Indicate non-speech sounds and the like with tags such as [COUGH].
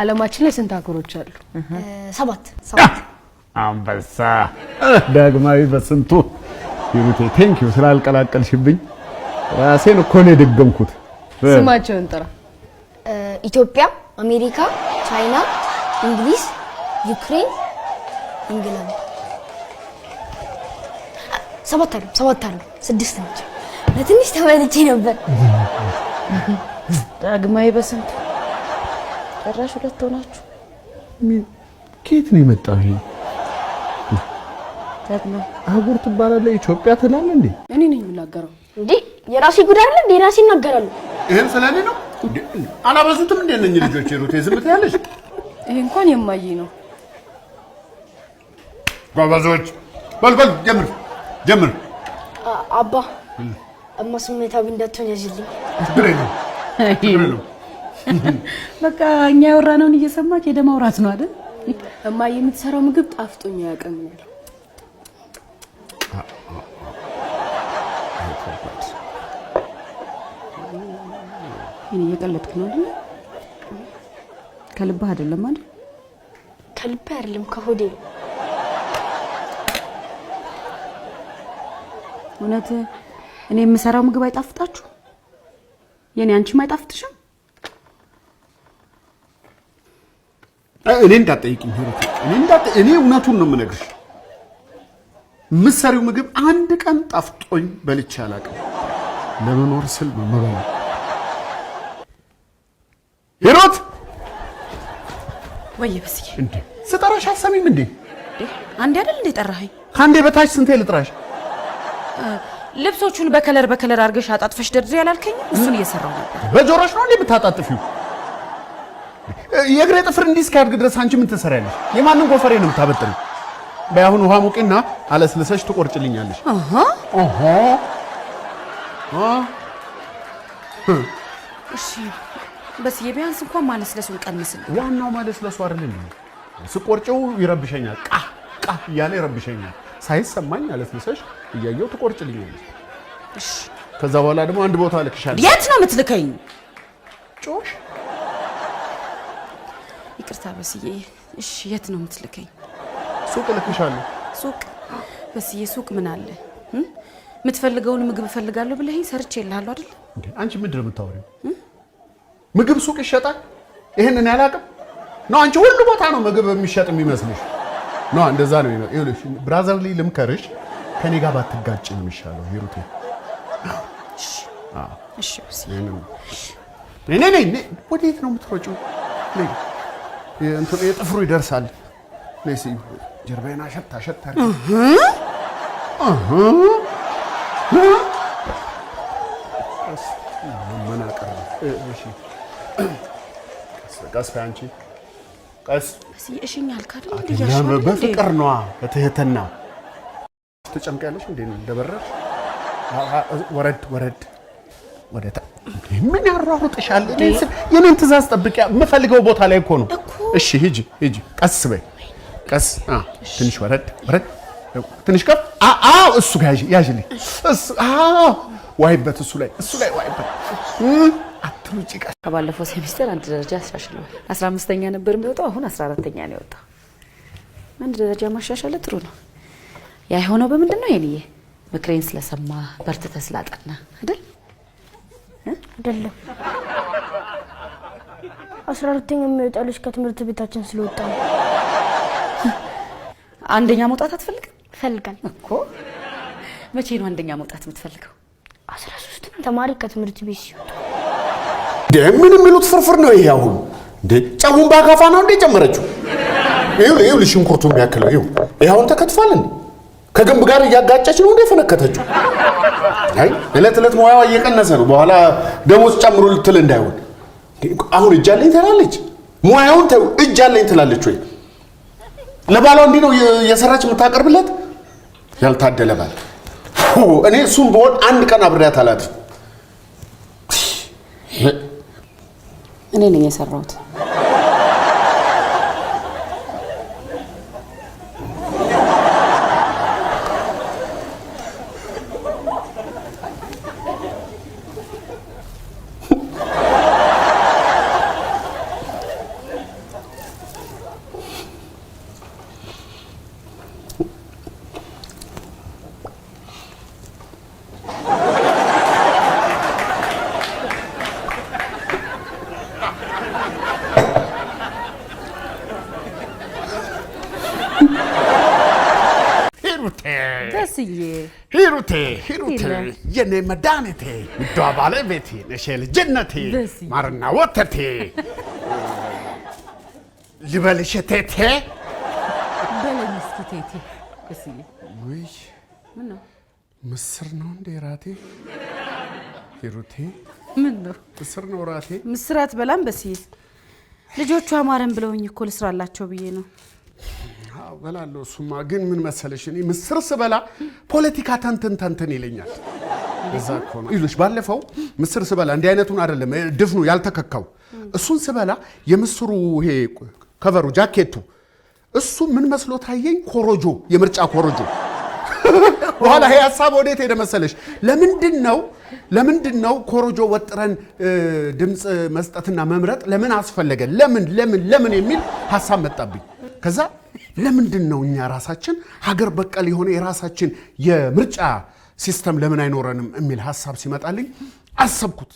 አለማችን ላይ ስንት ሀገሮች አሉ? ሰባት ሰባት። አንበሳ ዳግማዊ በስንቱ ይሩቴ ቴንክ ዩ ስላልቀላቀልሽብኝ ራሴን እኮ ነው የደገምኩት። ስማቸውን ጥራ። ኢትዮጵያ፣ አሜሪካ፣ ቻይና፣ እንግሊዝ፣ ዩክሬን፣ እንግላንድ ሰባት አሉ። ሰባት አሉ። ስድስት ናቸው። ለትንሽ ተመልቼ ነበር። ዳግማዊ በስንቱ ጭራሽ ሁለት ሆናችሁ ምን? ከየት ነው የመጣው ይሄ? ተግና አህጉር ትባላለህ፣ ኢትዮጵያ ትላለህ እንዴ? እኔ ነኝ የምናገረው እንዴ? የራሴ ጉዳይ አለ እንዴ? የራሴ እናገራለሁ። ይሄን ስለኔ ነው አላበዙትም እንዴ? እነኝ ልጆች ሩቴ ዝም ትያለሽ? ይሄ እንኳን የማዬ ነው። ጎበዞች፣ በል በል፣ ጀምር ጀምር። አባ እማ ስሜታዊ እንዳትሆን ያዝልኝ። ችግር የለውም [LAUGHS] በቃ እኛ ያወራነውን እየሰማች ሄደ ማውራት ነው አይደል? እማ የምትሰራው ምግብ ጣፍጦኛ ያቀም ነው። እኔ እየቀለድክ ነው አይደል? ከልብህ አይደለም አይደል? ከልብህ አይደለም ከሆዴ እውነት እኔ የምሰራው ምግብ አይጣፍጣችሁ? የኔ አንቺም አይጣፍጥሽም? እኔ እንዳትጠይቂኝ ሄሮት፣ እኔ እንዳጠ እኔ እውነቱን ነው የምነግርሽ። ምሳሪው ምግብ አንድ ቀን ጣፍጦኝ በልቼ አላውቅም። ለመኖር ስል ነው መበላ ሄሮት ወይ ብስዬ፣ እንዴ ስጠራሽ አሰሚም እንዴ? አንዴ አይደል እንዴ ጠራኸኝ? ከአንዴ በታች ስንቴ ልጥራሽ? ልብሶቹን በከለር በከለር አድርገሽ አጣጥፈሽ ደርዘ ያላልከኝ? እሱን እየሰራው ነበር። በጆሮሽ ነው እንዴ የምታጣጥፊው? የእግሬ ጥፍር እንዲህ እስኪያድግ ድረስ አንቺ ምን ትሰሪያለሽ? የማንም ጎፈሬ ነው የምታበጥሪው? በያሁን ውሃ ሙቂና አለስልሰሽ ትቆርጭልኛለሽ። እሺ በስዬ ቢያንስ እንኳን ማለስለሱን ቀንስል። ዋናው ማለስለሱ አይደለም፣ ስቆርጨው ይረብሸኛል። ቃ ቃ እያለ ይረብሸኛል። ሳይሰማኝ አለስልሰሽ እያየው ትቆርጭልኛለሽ። እሺ ከዛ በኋላ ደግሞ አንድ ቦታ ልክሻለሁ። የት ነው የምትልከኝ? ጮሽ ይቅርታ በስዬ። እሺ፣ የት ነው የምትልከኝ? ሱቅ እልክሻለሁ። ሱቅ በስዬ፣ ሱቅ ምን አለ? የምትፈልገውን ምግብ እፈልጋለሁ ብለኸኝ ሰርቼ እልሃለሁ አይደል? አንቺ ምንድን ነው የምታወሪው? ምግብ ሱቅ ይሸጣል? ይህንን ያላቅም ነው አንቺ። ሁሉ ቦታ ነው ምግብ የሚሸጥ የሚመስልሽ ነ እንደዛ ነው ይኸውልሽ፣ ብራዘር ላይ ልምከርሽ፣ ከኔ ጋር ባትጋጭ ነው የሚሻለው። ሂሩቴ እሺ እሺ። እኔ ወዴት ነው የምትሮጪው? የጥፍሩ ይደርሳል። ሲ ጀርባዬን አሸት አሸት መናቀር ቀስ ከአንቺ ቀስ በፍቅር ነዋ በትህትና ትጨምቂያለሽ። እንደበረር ወረድ ወረድ ወደ ምን ያሯሩጥሻል? የኔን ትእዛዝ ጠብቂያ። የምፈልገው ቦታ ላይ እኮ ነው እሺ፣ ሂጂ ሂጂ፣ ቀስ በይ ቀስ። ትንሽ ወረድ ወረድ፣ ትንሽ ከፍ። አዎ፣ እሱ ጋር ያዥልኝ። አዎ፣ ዋይበት፣ እሱ ላይ እሱ ላይ ዋይበት። አትሩጭ። ቀስ። ከባለፈው ሴሚስተር አንድ ደረጃ አሻሽለዋል። አስራ አምስተኛ ነበር የሚወጣው አሁን አስራ አራተኛ ነው የወጣው። አንድ ደረጃ ማሻሻለ ጥሩ ነው። ያ የሆነው በምንድን ነው የኔዬ? ምክሬን ስለሰማ በርትተህ ስላጠና አይደል? አይደለም አስራ አራተኛ የሚወጣ ልጅ ከትምህርት ቤታችን ስለወጣ ነው። [LAUGHS] አንደኛ መውጣት አትፈልግም? ፈልጋል እኮ። መቼ ነው አንደኛ መውጣት የምትፈልገው? አስራ ሶስት ተማሪ ከትምህርት ቤት ሲወጣ። ምን የሚሉት ፍርፍር ነው ይሄ? አሁን እንዴ ጨውን በአካፋ ነው እንዴ ጨመረችው? ይኸውልህ ይኸውልህ፣ ሽንኩርቱ የሚያክለው ይኸውልህ። ይሄ አሁን ተከትፏል እንዴ? ከግንብ ጋር እያጋጨች ነው እንዴ ፈነከተችው? አይ እለት እለት ሙያዋ እየቀነሰ ነው። በኋላ ደሞዝ ጨምሩ ልትል እንዳይሆን አሁን እጅ አለኝ ትላለች። ሙያውን ተው እጅ አለኝ ትላለች ወይ? ለባሏ እንዲህ ነው የሰራች የምታቀርብለት። ያልታደለ ባል። እኔ እሱም በሆን አንድ ቀን አብሬያት አላት። እኔ ነኝ የሰራሁት ሂሩቴ ደስዬ ሂሩቴ ሂሩቴ የኔ መድኃኒቴ ውዷ ባለቤቴ ነሽ ልጅነቴ ማርና ወተቴ ልበልሽ እቴቴ ምስር ነው እንዴ ራቴ ሂሩቴ ምን ነው ምስር ነው ራሴ ምስራት በላም በሲል ልጆቹ አማረን ብለውኝ እኮ ልስራላቸው ብዬ ነው በላለሁ። እሱማ ግን ምን መሰለሽ እኔ ምስር ስበላ ፖለቲካ ተንትን ተንትን ይለኛል። እዛ እኮ ነው ይሉሽ። ባለፈው ምስር ስበላ እንዲህ አይነቱን አይደለም ድፍኑ ያልተከካው እሱን ስበላ የምስሩ ይሄ ከቨሩ ጃኬቱ እሱ ምን መስሎ ታየኝ፣ ኮሮጆ የምርጫ ኮሮጆ [LAUGHS] በኋላ ይሄ ሀሳብ ወዴት ሄደ መሰለሽ? ለምንድን ነው ለምንድን ነው ኮሮጆ ወጥረን ድምፅ መስጠትና መምረጥ ለምን አስፈለገ? ለምን ለምን ለምን የሚል ሀሳብ መጣብኝ። ከዛ ለምንድን ነው እኛ ራሳችን ሀገር በቀል የሆነ የራሳችን የምርጫ ሲስተም ለምን አይኖረንም የሚል ሀሳብ ሲመጣልኝ አሰብኩት።